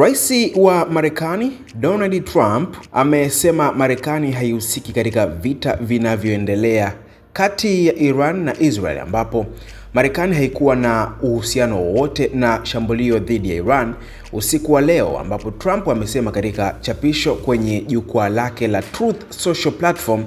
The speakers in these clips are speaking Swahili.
Rais wa Marekani Donald Trump amesema Marekani haihusiki katika vita vinavyoendelea kati ya Iran na Israel ambapo Marekani haikuwa na uhusiano wowote na shambulio dhidi ya Iran usiku wa leo, ambapo Trump amesema katika chapisho kwenye jukwaa lake la Truth Social Platform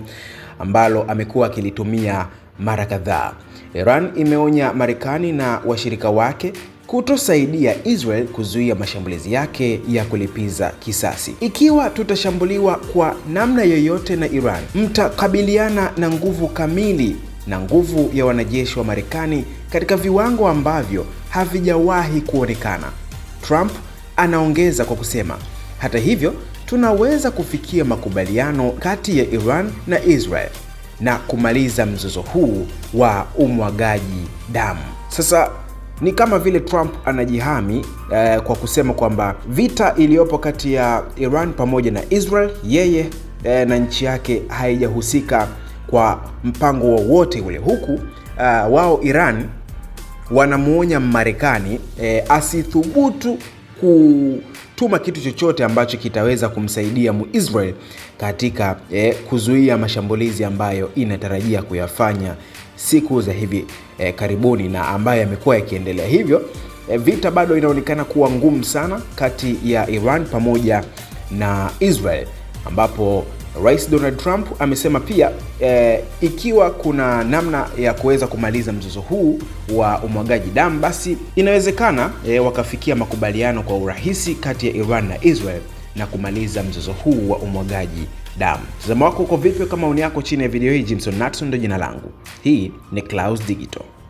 ambalo amekuwa akilitumia mara kadhaa. Iran imeonya Marekani na washirika wake kutosaidia Israel kuzuia mashambulizi yake ya kulipiza kisasi. Ikiwa tutashambuliwa kwa namna yoyote na Iran, mtakabiliana na nguvu kamili na nguvu ya wanajeshi wa Marekani katika viwango ambavyo havijawahi kuonekana. Trump anaongeza kwa kusema, hata hivyo, tunaweza kufikia makubaliano kati ya Iran na Israel na kumaliza mzozo huu wa umwagaji damu. Sasa ni kama vile Trump anajihami eh, kwa kusema kwamba vita iliyopo kati ya Iran pamoja na Israel yeye eh, na nchi yake haijahusika kwa mpango wowote ule, huku eh, wao Iran wanamwonya Marekani eh, asithubutu kutuma kitu chochote ambacho kitaweza kumsaidia Muisrael katika eh, kuzuia mashambulizi ambayo inatarajia kuyafanya siku za hivi e, karibuni na ambayo yamekuwa yakiendelea. Hivyo e, vita bado inaonekana kuwa ngumu sana kati ya Iran pamoja na Israel ambapo Rais Donald Trump amesema pia e, ikiwa kuna namna ya kuweza kumaliza mzozo huu wa umwagaji damu basi inawezekana e, wakafikia makubaliano kwa urahisi kati ya Iran na Israel na kumaliza mzozo huu wa umwagaji damu. Mtazamo wako uko vipi? Kama maoni yako chini ya video hii. Jimson Natson ndo jina langu. Hii ni Clouds Digital.